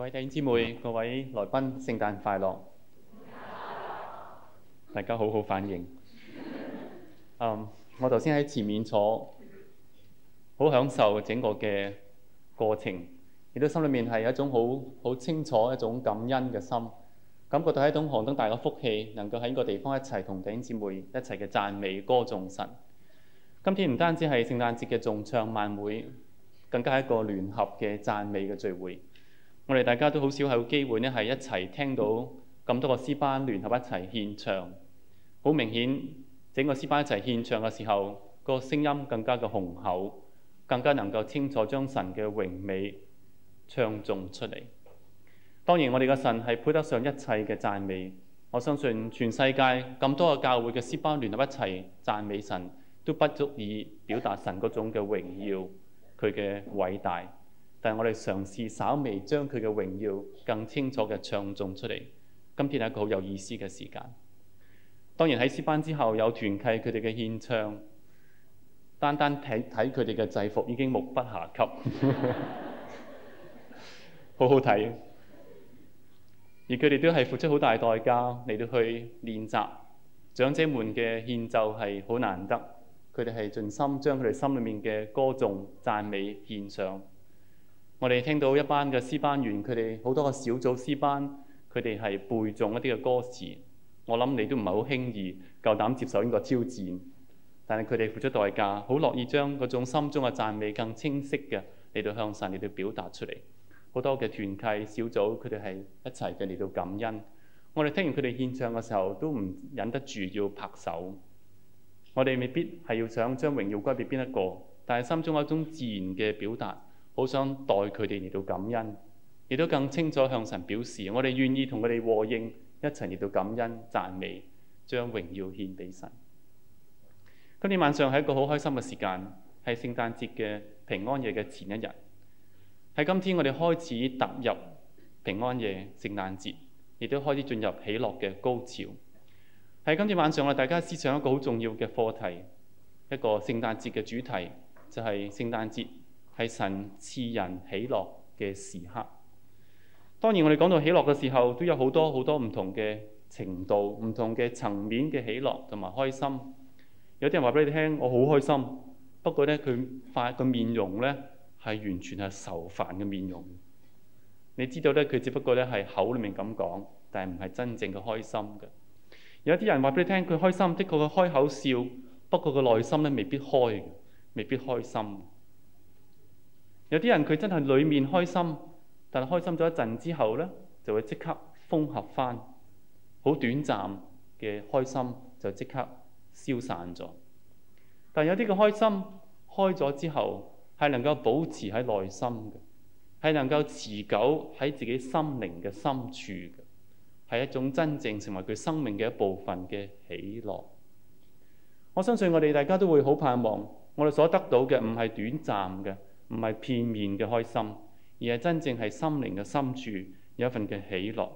各位弟兄姊妹，嗯、各位來賓，聖誕快樂！大家好好反應。Um, 我頭先喺前面坐，好享受整個嘅過程，亦都心裏面係一種好好清楚一種感恩嘅心，感覺到係一種何等大嘅福氣，能夠喺呢個地方一齊同弟兄姊妹一齊嘅讚美歌頌神。今天唔單止係聖誕節嘅頌唱晚會，更加一個聯合嘅讚美嘅聚會。我哋大家都好少有機會呢，係一齊聽到咁多個詩班聯合一齊獻唱。好明顯，整個詩班一齊獻唱嘅時候，個聲音更加嘅雄厚，更加能夠清楚將神嘅榮美唱誦出嚟。當然，我哋嘅神係配得上一切嘅讚美。我相信全世界咁多個教會嘅詩班聯合一齊讚美神，都不足以表達神嗰種嘅榮耀，佢嘅偉大。但係，我哋嘗試稍微將佢嘅榮耀更清楚嘅唱誦出嚟。今天係一個好有意思嘅時間。當然喺詩班之後有團契他的，佢哋嘅獻唱，單單睇睇佢哋嘅制服已經目不暇給， 很好好睇。而佢哋都係付出好大代價嚟到去練習，長者們嘅獻奏係好難得，佢哋係盡心將佢哋心裏面嘅歌頌讚美獻上。我哋聽到一班嘅詩班員，佢哋好多個小組詩班，佢哋係背誦一啲嘅歌詞。我諗你都唔係好輕易夠膽接受呢個挑戰，但係佢哋付出代價，好樂意將嗰種心中嘅讚美更清晰嘅嚟到向神嚟到表達出嚟。好多嘅團契小組，佢哋係一齊嘅嚟到感恩。我哋聽完佢哋獻唱嘅時候，都唔忍得住要拍手。我哋未必係要想將榮耀歸俾邊一個，但係心中有一種自然嘅表達。好想代佢哋嚟到感恩，亦都更清楚向神表示，我哋願意同佢哋和應一齊嚟到感恩讚美，將榮耀獻俾神。今天晚上係一個好開心嘅時間，係聖誕節嘅平安夜嘅前一日。喺今天，我哋開始踏入平安夜、聖誕節，亦都開始進入喜樂嘅高潮。喺今天晚上，我哋大家思想一個好重要嘅課題，一個聖誕節嘅主題，就係、是、聖誕節。係神賜人喜樂嘅時刻。當然，我哋講到喜樂嘅時候，都有好多好多唔同嘅程度、唔同嘅層面嘅喜樂同埋開心。有啲人話俾你聽，我好開心。不過咧，佢塊個面容咧係完全係愁煩嘅面容的。你知道咧，佢只不過咧係口裡面咁講，但係唔係真正嘅開心嘅。有啲人話俾你聽，佢開心，的確佢開口笑，不過佢內心咧未必開的，未必開心的。有啲人佢真係裏面開心，但係開心咗一陣之後呢，就會即刻封合翻，好短暫嘅開心就即刻消散咗。但有啲嘅開心開咗之後係能夠保持喺內心嘅，係能夠持久喺自己心靈嘅深處嘅，係一種真正成為佢生命嘅一部分嘅喜樂。我相信我哋大家都會好盼望我哋所得到嘅唔係短暫嘅。唔係片面嘅開心，而係真正係心靈嘅深處有一份嘅喜樂。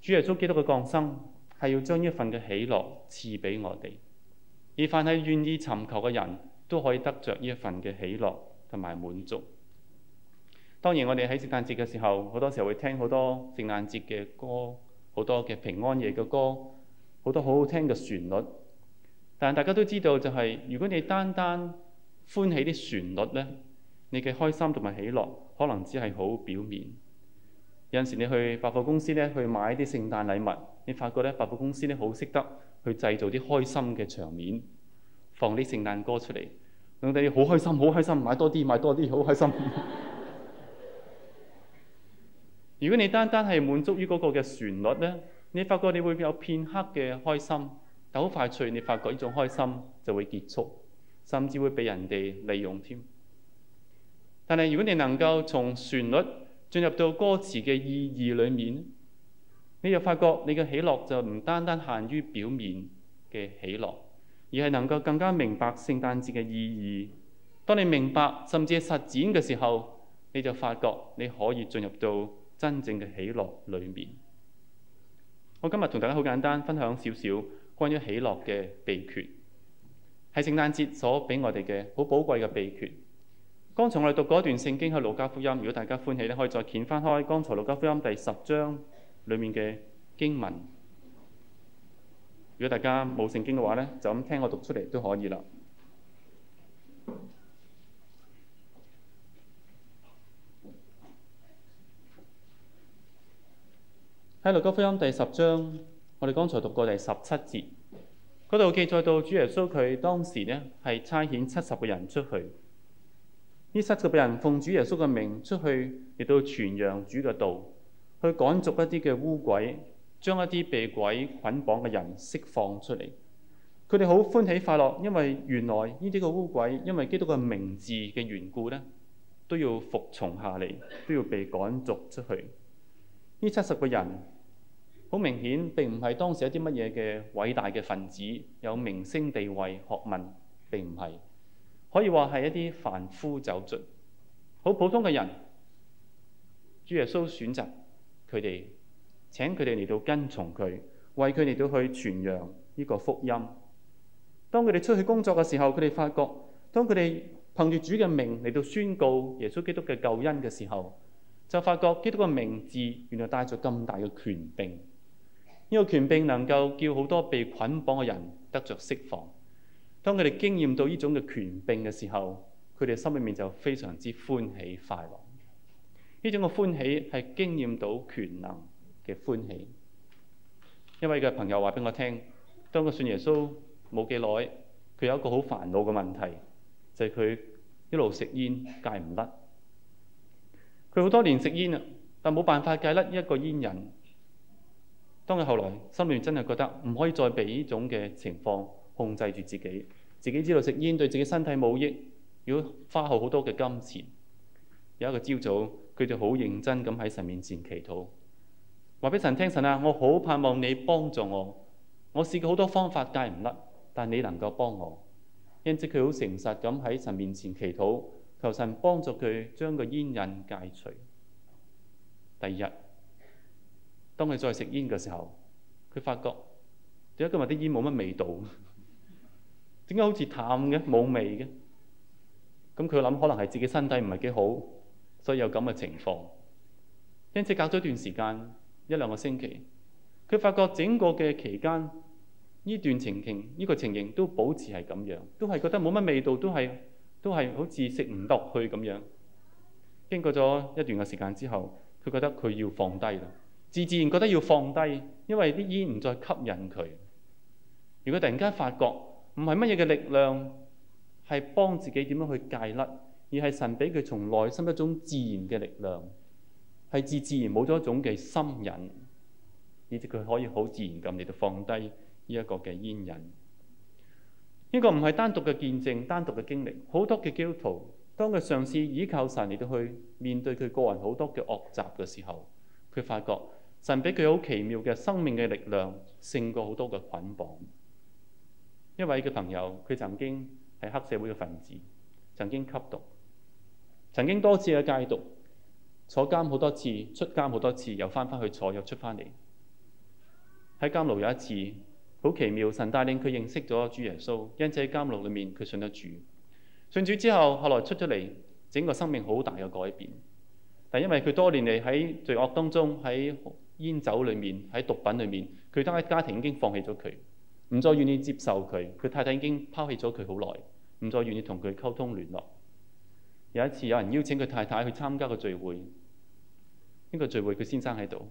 主耶穌基督嘅降生係要將呢一份嘅喜樂賜俾我哋，而凡係願意尋求嘅人都可以得着呢一份嘅喜樂同埋滿足。當然，我哋喺聖誕節嘅時候，好多時候會聽好多聖誕節嘅歌，好多嘅平安夜嘅歌，好多好好聽嘅旋律。但大家都知道，就係，就係如果你單單歡喜啲旋律呢，你嘅開心同埋喜樂，可能只係好表面。有陣時你去百貨公司咧，去買啲聖誕禮物，你發覺咧百貨公司咧好識得去製造啲開心嘅場面，放啲聖誕歌出嚟，令你好開心，好開心，買多啲，買多啲，好開心。 如果你單單係滿足於嗰個嘅旋律咧，你發覺你會有片刻嘅開心，但好快脆，你發覺呢種開心就會結束，甚至會畀人哋利用添。但係如果你能夠從旋律進入到歌詞嘅意義裏面，你就發覺你嘅喜樂就唔單單限於表面嘅喜樂，而係能夠更加明白聖誕節嘅意義。當你明白甚至係實踐嘅時候，你就發覺你可以進入到真正嘅喜樂裏面。我今日同大家好簡單分享少少關於喜樂嘅秘訣，係聖誕節所俾我哋嘅好寶貴嘅秘訣。剛才我哋讀過一段聖經係《路加福音》，如果大家歡喜呢，可以再揭翻開剛才《路加福音》第十章裏面嘅經文。如果大家冇聖經嘅話呢，就咁聽我讀出嚟都可以喇。喺《路加福音》第十章，我哋剛才讀過第十七節，嗰度記載到主耶穌佢當時呢係差遣七十個人出去。呢七十個人奉主耶穌嘅命出去嚟到傳揚主嘅道，去趕逐一啲嘅污鬼，將一啲被鬼捆綁嘅人釋放出嚟。佢哋好歡喜快樂，因為原來呢啲嘅污鬼因為基督嘅名字嘅緣故呢，都要服從下嚟，都要被趕逐出去。呢七十個人好明顯並唔係當時一啲乜嘢嘅偉大嘅分子，有明星地位、學問並唔係。可以話係一啲凡夫走卒，好普通嘅人。主耶穌選擇佢哋，請佢哋嚟到跟從佢，為佢哋嚟到去傳揚呢個福音。當佢哋出去工作嘅時候，佢哋發覺，當佢哋憑住主嘅命嚟到宣告耶穌基督嘅救恩嘅時候，就發覺基督嘅名字原來帶著咁大嘅權柄，呢個權柄能夠叫好多被捆綁嘅人得着釋放。當佢哋經驗到呢種嘅權柄嘅時候，佢哋心裏面就非常之歡喜快樂。呢種嘅歡喜係經驗到權能嘅歡喜。一位嘅朋友話俾我聽，當佢信耶穌冇幾耐，佢有一個好煩惱嘅問題，就係、是、佢一路食煙戒唔甩。佢好多年食煙啦，但冇辦法戒甩一個煙癮。當佢後來心裏真係覺得唔可以再俾呢種嘅情況。控制住自己，自己知道食煙對自己身體冇益，要花耗好多嘅金錢。有一個朝早，佢就好認真咁喺神面前祈禱，話俾神聽：神啊，我好盼望你幫助我。我試過好多方法戒唔甩，但你能夠幫我。因此佢好誠實咁喺神面前祈禱，求神幫助佢將個煙癮戒除。第二日，當佢再食煙嘅時候，佢發覺，點解今日啲煙冇乜味道？點解好似淡嘅冇味嘅？咁佢諗，可能係自己身體唔係幾好，所以有咁嘅情況。因此隔咗段時間，一兩個星期，佢發覺整個嘅期間，呢段情境、呢、呢個情形都保持係咁樣，都係覺得冇乜味道，都係都係好似食唔落去咁樣。經過咗一段嘅時間之後，佢覺得佢要放低啦，自自然覺得要放低，因為啲煙唔再吸引佢。如果突然間發覺，唔係乜嘢嘅力量係幫自己點樣去戒甩，而係神俾佢從內心一種自然嘅力量，係自自然冇咗一種嘅心癮，以至佢可以好自然咁嚟到放低呢一個嘅煙癮。呢、這個唔係單獨嘅見證，單獨嘅經歷。好多嘅基督徒當佢嘗試依靠神嚟到去面對佢個人好多嘅惡習嘅時候，佢發覺神俾佢好奇妙嘅生命嘅力量，勝過好多嘅捆綁。一位嘅朋友，佢曾經係黑社會嘅分子，曾經吸毒，曾經多次嘅戒毒，坐監好多次，出監好多次，又翻返去坐，又出返嚟。喺監牢有一次，好奇妙，神帶領佢認識咗主耶穌，因此喺監牢裏面，佢信得主。信主之後，後來出咗嚟，整個生命好大嘅改變。但因為佢多年嚟喺罪惡當中，喺煙酒裏面，喺毒品裏面，佢都喺家庭已經放棄咗佢。唔再願意接受佢，佢太太已經拋棄咗佢好耐，唔再願意同佢溝通聯絡。有一次有人邀請佢太太去參加個聚會，呢個聚會佢先生喺度，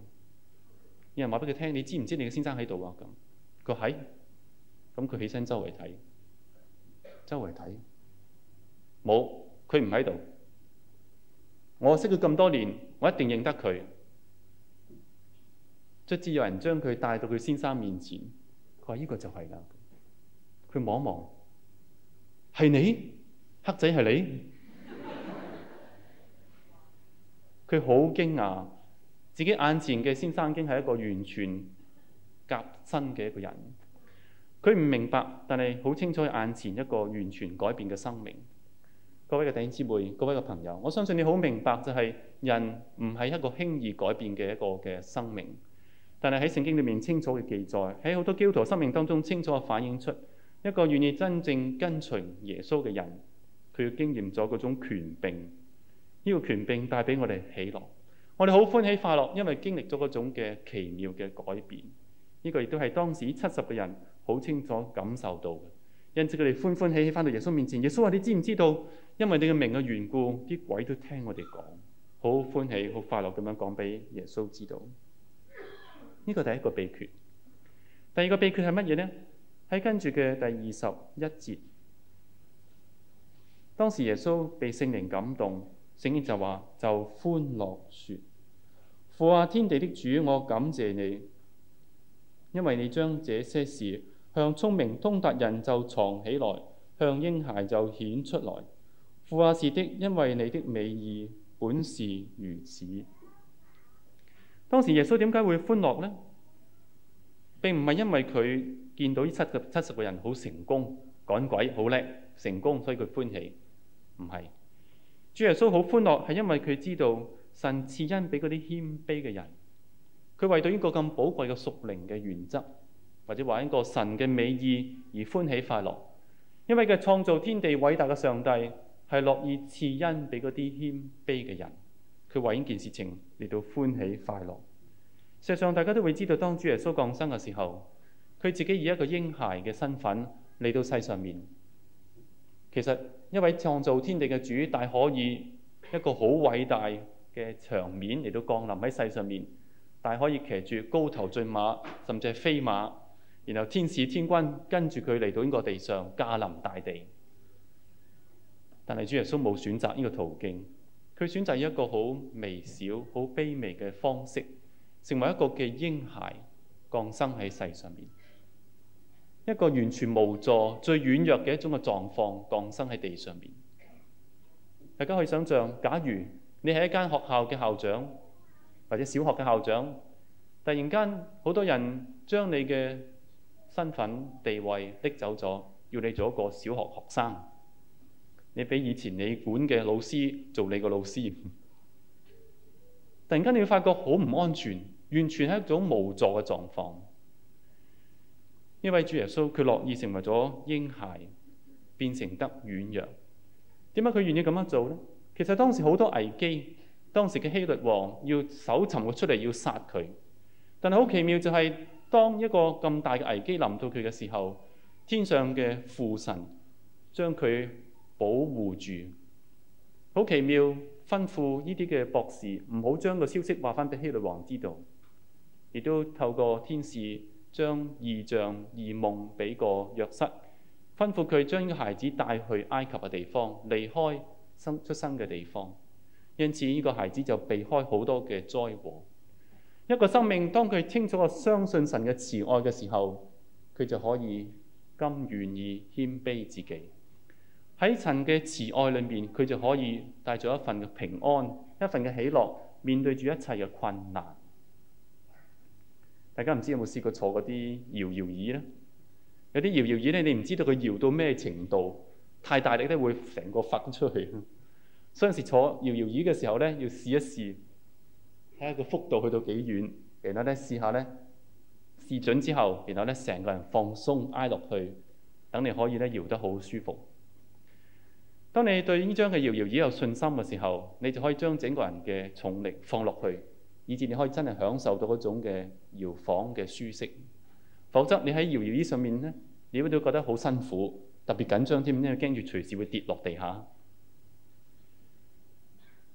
有人話俾佢聽：你知唔知道你嘅先生喺度啊？咁佢喺，咁佢起身周圍睇，周圍睇，冇，佢唔喺度。我識佢咁多年，我一定認得佢，卒之有人將佢帶到佢先生面前。話呢個就係啦，佢望一望，係你？黑仔係你？佢好 驚訝自己眼前嘅先生經係一個完全革新嘅一個人，佢唔明白，但係好清楚眼前一個完全改變嘅生命。各位嘅弟兄姊妹，各位嘅朋友，我相信你好明白就係人唔係一個輕易改變嘅一個嘅生命。但係喺聖經裏面清楚嘅記載，喺好多基督徒生命當中清楚嘅反映出一個願意真正跟隨耶穌嘅人，佢要經驗咗嗰種權柄。呢個權柄帶俾我哋喜樂，我哋好歡喜快樂，因為經歷咗嗰種嘅奇妙嘅改變。呢個亦都係當時七十個人好清楚感受到嘅，因此佢哋歡歡喜喜翻到耶穌面前。耶穌話：你知唔知道？因為你嘅名嘅緣故，啲鬼都聽我哋講，好歡喜、好快樂咁樣講俾耶穌知道。呢個第一個秘訣，第二個秘訣係乜嘢呢？喺跟住嘅第二十一節，當時耶穌被聖靈感動，聖經就話就歡樂説：父啊，天地的主，我感謝你，因為你將這些事向聰明通達人就藏起來，向嬰孩就顯出來。父啊，是的，因為你的美意本是如此。當時耶穌點解會歡樂呢？並唔係因為佢見到呢七十七十個人好成功、趕鬼好叻、成功，所以佢歡喜，唔係。主耶穌好歡樂，係因為佢知道神賜恩俾嗰啲謙卑嘅人，佢為到一個咁寶貴嘅屬靈嘅原則，或者話一個神嘅美意而歡喜快樂。因為佢創造天地偉大嘅上帝係樂意賜恩俾嗰啲謙卑嘅人。佢為呢件事情嚟到歡喜快樂。事實上，大家都會知道，當主耶穌降生嘅時候，佢自己以一個嬰孩嘅身份嚟到世上面。其實，一位創造天地嘅主，大可以一個好偉大嘅場面嚟到降臨喺世上面，大可以騎住高頭駿馬，甚至係飛馬，然後天使天軍跟住佢嚟到呢個地上，駕臨大地。但係，主耶穌冇選擇呢個途徑。佢選擇一個好微小、好卑微嘅方式，成為一個嘅嬰孩降生喺世上面，一個完全無助、最軟弱嘅一種嘅狀況降生喺地上面。大家可以想像，假如你係一間學校嘅校長或者小學嘅校長，突然間好多人將你嘅身份地位逼走咗，要你做一個小學學生。你俾以前你管嘅老師做你個老師，突然間你會發覺好唔安全，完全係一種無助嘅狀況。呢位主耶穌，佢樂意成為咗嬰孩，變成得軟弱。點解佢願意咁樣做呢？其實當時好多危機，當時嘅希律王要搜尋出嚟，要殺佢，但係好奇妙就係當一個咁大嘅危機臨到佢嘅時候，天上嘅父神將佢。保護住，好奇妙。吩咐呢啲嘅博士唔好將個消息話翻俾希律王知道，亦都透過天使將異象、異夢俾個約瑟，吩咐佢將呢個孩子帶去埃及嘅地方，離開生出生嘅地方。因此呢個孩子就避開好多嘅災禍。一個生命當佢清楚相信神嘅慈愛嘅時候，佢就可以甘願意謙卑自己。喺陳嘅慈愛裏面，佢就可以帶咗一份嘅平安，一份嘅喜樂，面對住一切嘅困難。大家唔知有冇試過坐嗰啲搖搖椅咧？有啲搖搖椅咧，你唔知道佢搖到咩程度，太大力咧，會成個翻出去。所以有時坐搖搖椅嘅時候咧，要試一試睇下個幅度去到幾遠，然後咧試下咧試準之後，然後咧成個人放鬆挨落去，等你可以咧搖得好舒服。當你對呢張嘅搖搖椅有信心嘅時候，你就可以將整個人嘅重力放落去，以至你可以真係享受到嗰種嘅搖晃嘅舒適。否則你喺搖搖椅上面咧，你會覺得好辛苦，特別緊張添，因為驚住隨時會跌落地下。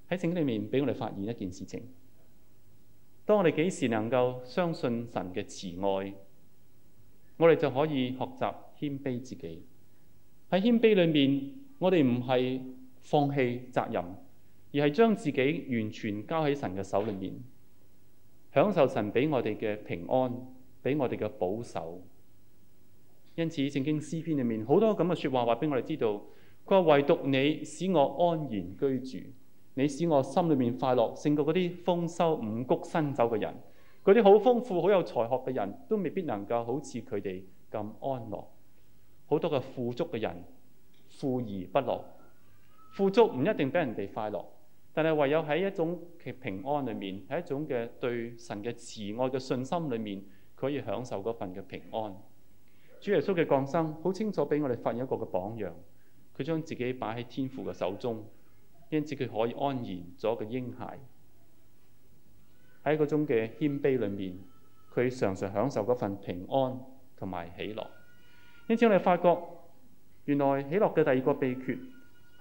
喺聖經裏面俾我哋發現一件事情，當我哋幾時能夠相信神嘅慈愛，我哋就可以學習謙卑自己。喺謙卑裏面。我哋唔係放棄責任，而係將自己完全交喺神嘅手裏面，享受神俾我哋嘅平安，俾我哋嘅保守。因此，聖經詩篇裏面好多咁嘅說話，話俾我哋知道。佢話唯獨你使我安然居住，你使我心裏面快樂，勝過嗰啲豐收五穀新酒嘅人，嗰啲好豐富、好有才學嘅人都未必能夠好似佢哋咁安樂，好多嘅富足嘅人。富而不樂，富足唔一定俾人哋快樂，但係唯有喺一種嘅平安裏面，喺一種嘅對神嘅慈愛嘅信心裏面，佢可以享受嗰份嘅平安。主耶穌嘅降生好清楚俾我哋發現一個嘅榜樣，佢將自己擺喺天父嘅手中，因此佢可以安然咗一個嬰孩。喺一種嘅謙卑裏面，佢常常享受嗰份平安同埋喜樂。因此我哋發覺。原來喜樂嘅第二個秘訣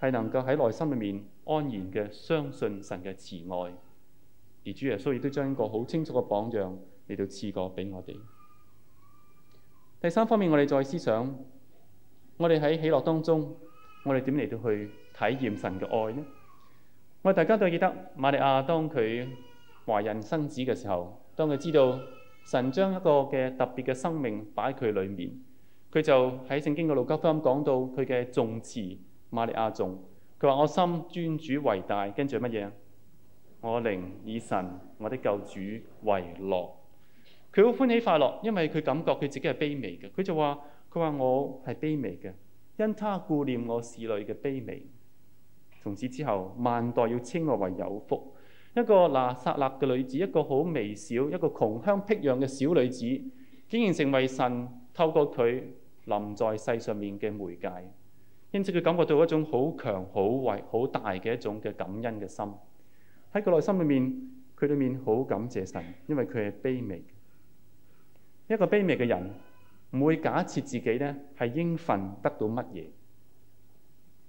係能夠喺內心裏面安然嘅相信神嘅慈愛，而主耶穌亦都將一個好清楚嘅榜樣嚟到賜過俾我哋。第三方面，我哋再思想，我哋喺喜樂當中，我哋點嚟到去體驗神嘅愛呢？我哋大家都記得，瑪利亞當佢懷孕生子嘅時候，當佢知道神將一個嘅特別嘅生命擺喺佢裏面。佢就喺聖經嘅路加福音講到佢嘅頌詞，瑪利亞頌，佢話我心尊主為大，跟住係乜嘢啊？我靈以神我的救主為樂。佢好歡喜快樂，因為佢感覺佢自己係卑微嘅。佢就話：佢話我係卑微嘅，因他顧念我使女嘅卑微。從此之後，萬代要稱我為有福。一個拿撒勒嘅女子，一個好微小，一個窮鄉僻壤嘅小女子，竟然成為神透過佢臨在世上面嘅媒介，因此佢感覺到一種好強、好偉、好大嘅一種嘅感恩嘅心，喺佢內心裏面，佢裏面好感謝神，因為佢係卑微一個卑微嘅人，唔會假設自己咧係應份得到乜嘢，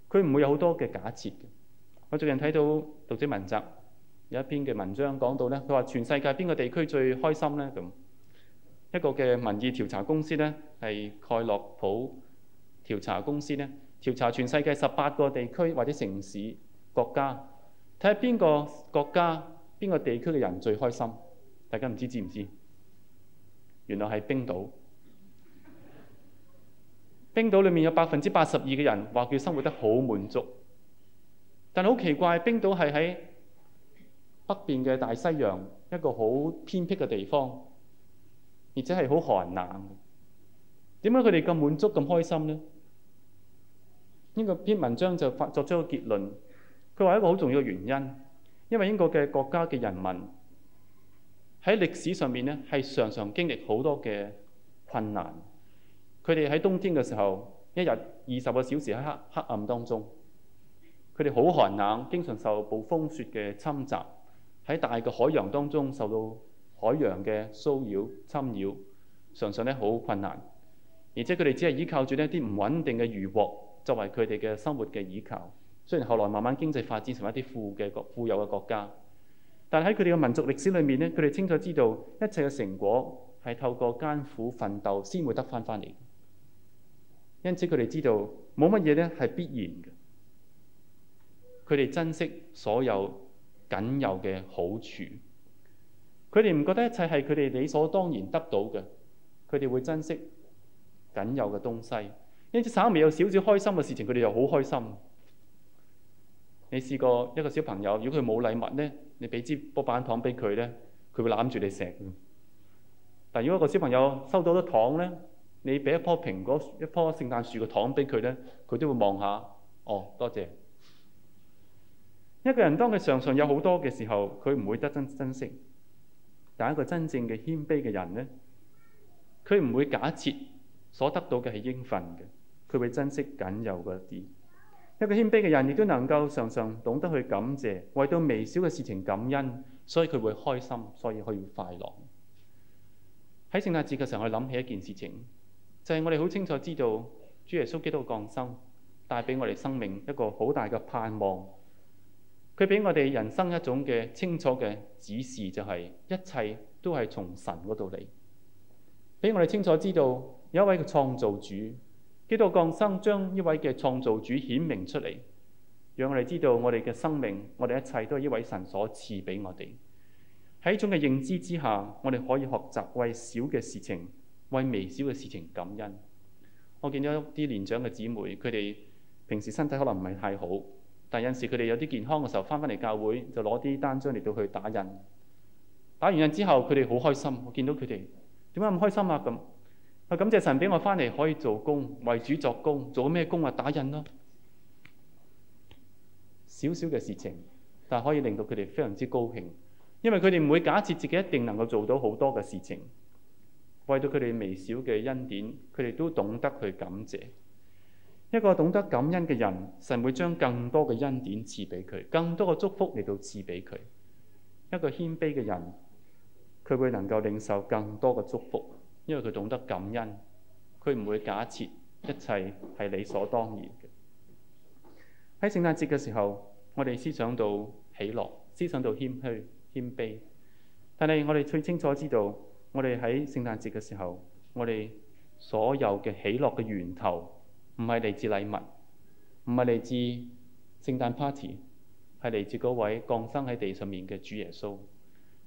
佢唔會有好多嘅假設嘅。我最近睇到讀者文摘，有一篇嘅文章講到咧，佢話全世界邊個地區最開心咧咁？一個嘅民意調查公司呢，係蓋洛普調查公司呢，調查全世界十八個地區或者城市國家，睇下邊個國家、邊個地區嘅人最開心。大家唔知知唔知？原來係冰島。冰島裡面有百分之八十二嘅人話佢生活得好滿足，但好奇怪，冰島係喺北邊嘅大西洋一個好偏僻嘅地方。而且係好寒冷，點解佢哋咁滿足、咁開心呢？呢個篇文章就發作咗個結論，佢話一個好重要嘅原因，因為英國嘅國家嘅人民喺歷史上面咧，係常常經歷好多嘅困難。佢哋喺冬天嘅時候，一日二十個小時喺黑黑暗當中，佢哋好寒冷，經常受暴風雪嘅侵襲，喺大嘅海洋當中受到海洋嘅騷擾、侵擾，常常咧好困難，而且佢哋只係依靠住一啲唔穩定嘅漁獲作為佢哋嘅生活嘅依靠。雖然後來慢慢經濟發展成為一啲富嘅國富有嘅國家，但喺佢哋嘅民族歷史裏面咧，佢哋清楚知道一切嘅成果係透過艱苦奮鬥先會得返返嚟。因此佢哋知道冇乜嘢咧係必然嘅，佢哋珍惜所有僅有嘅好處。佢哋唔覺得一切係佢哋理所當然得到嘅，佢哋會珍惜僅有嘅東西。因此稍微有少少開心嘅事情，佢哋又好開心。你試過一個小朋友，如果佢冇禮物咧，你俾支波板糖俾佢咧，佢會攬住你食。但如果個小朋友收到咗糖咧，你俾一樖蘋果、一樖聖誕樹嘅糖俾佢咧，佢都會望下哦，多謝一個人。當佢常常有好多嘅時候，佢唔會得真珍惜。但一個真正嘅謙卑嘅人呢，佢唔會假設所得到嘅係應份嘅，佢會珍惜僅有嗰一啲。一個謙卑嘅人亦都能夠常常懂得去感謝，為到微小嘅事情感恩，所以佢會開心，所以佢會快樂。喺聖誕節嘅時候我諗起一件事情，就係我哋好清楚知道主耶穌基督降生，帶俾我哋生命一個好大嘅盼望。佢俾我哋人生一種嘅清楚嘅指示，就係一切都係從神嗰度嚟，俾我哋清楚知道有一位嘅創造主，基督降生將呢位嘅創造主顯明出嚟，讓我哋知道我哋嘅生命，我哋一切都係一位神所賜俾我哋。喺一種嘅認知之下，我哋可以學習為小嘅事情，為微小嘅事情感恩。我見到一啲年長嘅姊妹，佢哋平時身體可能唔係太好。但有陣時，佢哋有啲健康嘅時候，翻返嚟教會就攞啲單張嚟到去打印。打完印之後，佢哋好開心。我見到佢哋點解咁開心啊？咁啊，感謝神俾我翻嚟可以做工，為主作工。做咩工啊？打印咯，少少嘅事情，但係可以令到佢哋非常之高興。因為佢哋唔會假設自己一定能夠做到好多嘅事情。為到佢哋微小嘅恩典，佢哋都懂得去感謝。一個懂得感恩嘅人，神會將更多嘅恩典賜俾佢，更多嘅祝福嚟到賜俾佢。一個謙卑嘅人，佢會能夠領受更多嘅祝福，因為佢懂得感恩，佢唔會假設一切係理所當然嘅。喺聖誕節嘅時候，我哋思想到喜樂，思想到謙虛、謙卑。但係我哋最清楚知道，我哋喺聖誕節嘅時候，我哋所有嘅喜樂嘅源頭。唔係嚟自禮物，唔係嚟自聖誕 party，係嚟自嗰位降生喺地上面嘅主耶穌。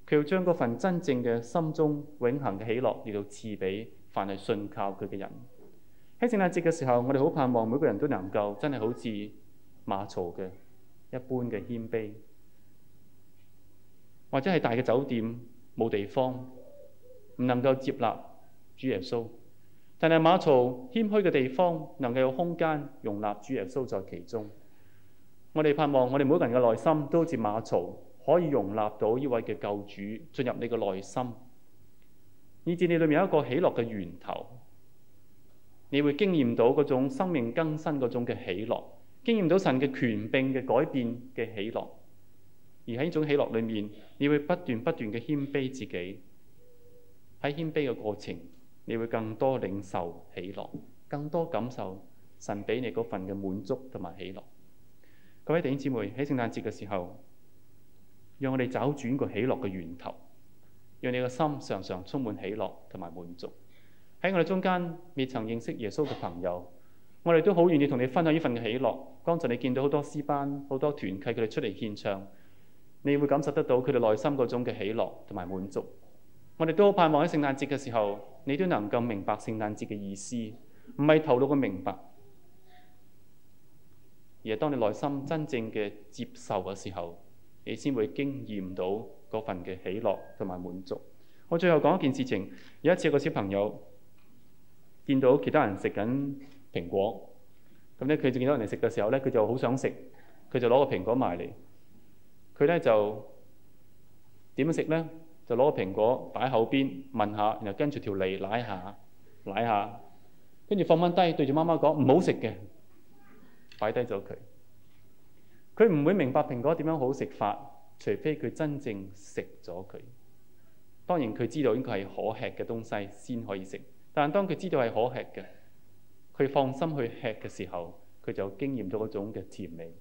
佢要將嗰份真正嘅心中永恒嘅喜樂嚟到賜俾凡係信靠佢嘅人。喺聖誕節嘅時候，我哋好盼望每個人都能夠真係好似馬槽嘅一般嘅謙卑，或者係大嘅酒店冇地方，唔能夠接納主耶穌。但係馬槽謙虛嘅地方，能夠有空間容納主耶穌在其中。我哋盼望我哋每個人嘅內心都好似馬槽，可以容納到呢位嘅救主進入你嘅內心，以至你裏面有一個喜樂嘅源頭。你會經驗到嗰種生命更新嗰種嘅喜樂，經驗到神嘅權柄嘅改變嘅喜樂。而喺呢種喜樂裏面，你會不斷不斷嘅謙卑自己，喺謙卑嘅過程。你會更多領受喜樂，更多感受神俾你嗰份嘅滿足同埋喜樂。各位弟兄姊妹，喺聖誕節嘅時候，讓我哋找轉個喜樂嘅源頭，讓你個心常常充滿喜樂同埋滿足。喺我哋中間未曾認識耶穌嘅朋友，我哋都好願意同你分享呢份嘅喜樂。剛才你見到好多詩班、好多團契佢哋出嚟獻唱，你會感受得到佢哋內心嗰種嘅喜樂同埋滿足。我哋都好盼望喺聖誕節嘅時候，你都能夠明白聖誕節嘅意思，唔係頭腦嘅明白，而係當你內心真正嘅接受嘅時候，你先會經驗到嗰份嘅喜樂同埋滿足。我最後講一件事情，有一次有個小朋友見到其他人食緊蘋果，咁咧佢就見到人哋食嘅時候咧，佢就好想食，佢就攞個蘋果埋嚟，佢咧就點樣食咧？就攞個蘋果擺口邊問下，然後跟住條脷舐下舐下，跟住放翻低對住媽媽講，唔好食嘅擺低咗佢。佢唔會明白蘋果點樣好食法，除非佢真正食咗佢。當然佢知道應該係可吃嘅東西先可以食，但當佢知道係可吃嘅，佢放心去吃嘅時候，佢就經驗咗嗰種嘅甜味。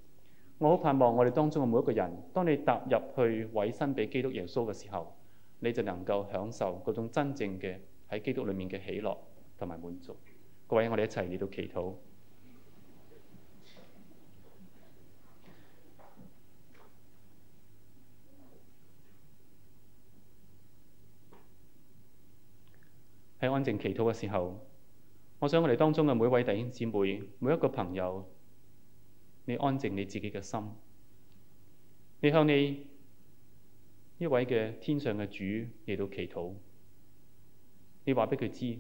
我好盼望我哋當中嘅每一個人，當你踏入去委身俾基督耶穌嘅時候。你就能夠享受嗰種真正嘅喺基督裏面嘅喜樂同埋滿足。各位，我哋一齊嚟到祈禱。喺安靜祈禱嘅時候，我想我哋當中嘅每位弟兄姊妹、每一個朋友，你安靜你自己嘅心，你向你一位嘅天上嘅主嚟到祈禱，你話俾佢知，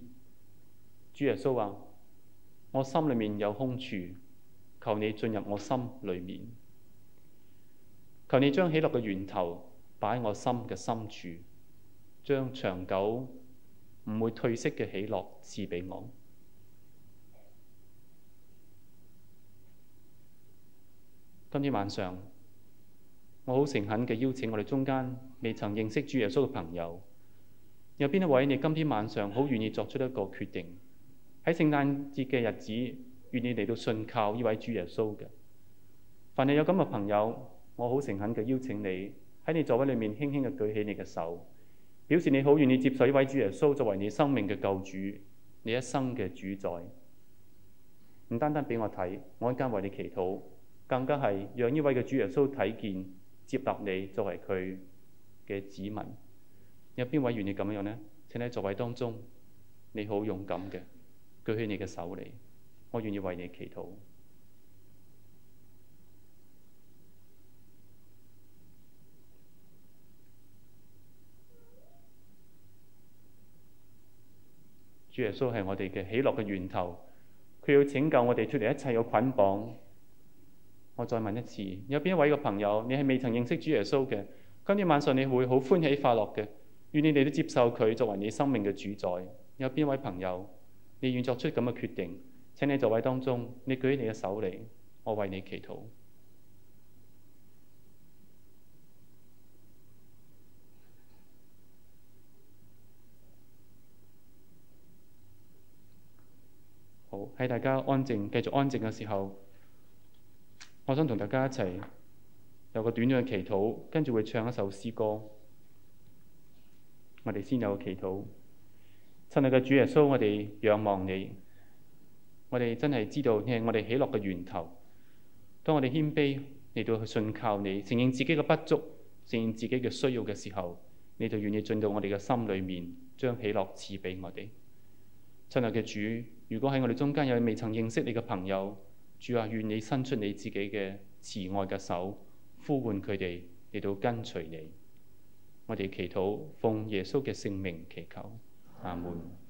主耶穌話：我心裏面有空處，求你進入我心裏面，求你將喜樂嘅源頭擺喺我心嘅深處，將長久唔會褪色嘅喜樂賜俾我。今天晚上。我好誠懇嘅邀請我哋中間未曾認識主耶穌嘅朋友，有邊一位你今天晚上好願意作出一個決定，喺聖誕節嘅日子願意嚟到信靠呢位主耶穌嘅？凡係有咁嘅朋友，我好誠懇嘅邀請你喺你座位裏面輕輕嘅舉起你嘅手，表示你好願意接受呢位主耶穌作為你生命嘅救主，你一生嘅主宰。唔單單俾我睇，我一間為你祈禱，更加係讓呢位嘅主耶穌睇見。接納你作為佢嘅子民，有邊位願意咁樣呢？請喺座位當中，你好勇敢嘅，舉起你嘅手嚟，我願意為你祈禱。主耶穌係我哋嘅喜樂嘅源頭，佢要拯救我哋脫離一切嘅捆綁。我再問一次，有邊一位嘅朋友，你係未曾認識主耶穌嘅，今天晚、晚上你會好歡喜快樂嘅，願你哋都接受佢作為你生命嘅主宰。有邊位朋友，你願作出咁嘅決定，請你座位當中，你舉起你嘅手嚟，我為你祈禱。好，喺大家安靜，繼續安靜嘅時候。我想同大家一齊有一個短短嘅祈禱，跟住會唱一首詩歌。我哋先有個祈禱。親愛嘅主耶穌，我哋仰望你。我哋真係知道你係我哋喜樂嘅源頭。當我哋謙卑嚟到去信靠你，承認自己嘅不足，承認自己嘅需要嘅時候，你就願意進到我哋嘅心裡面，將喜樂賜俾我哋。親愛嘅主，如果喺我哋中間有未曾認識你嘅朋友，主啊，願你伸出你自己嘅慈愛嘅手，呼喚佢哋，嚟到跟隨你。我哋祈禱，奉耶穌嘅聖名祈求，阿門。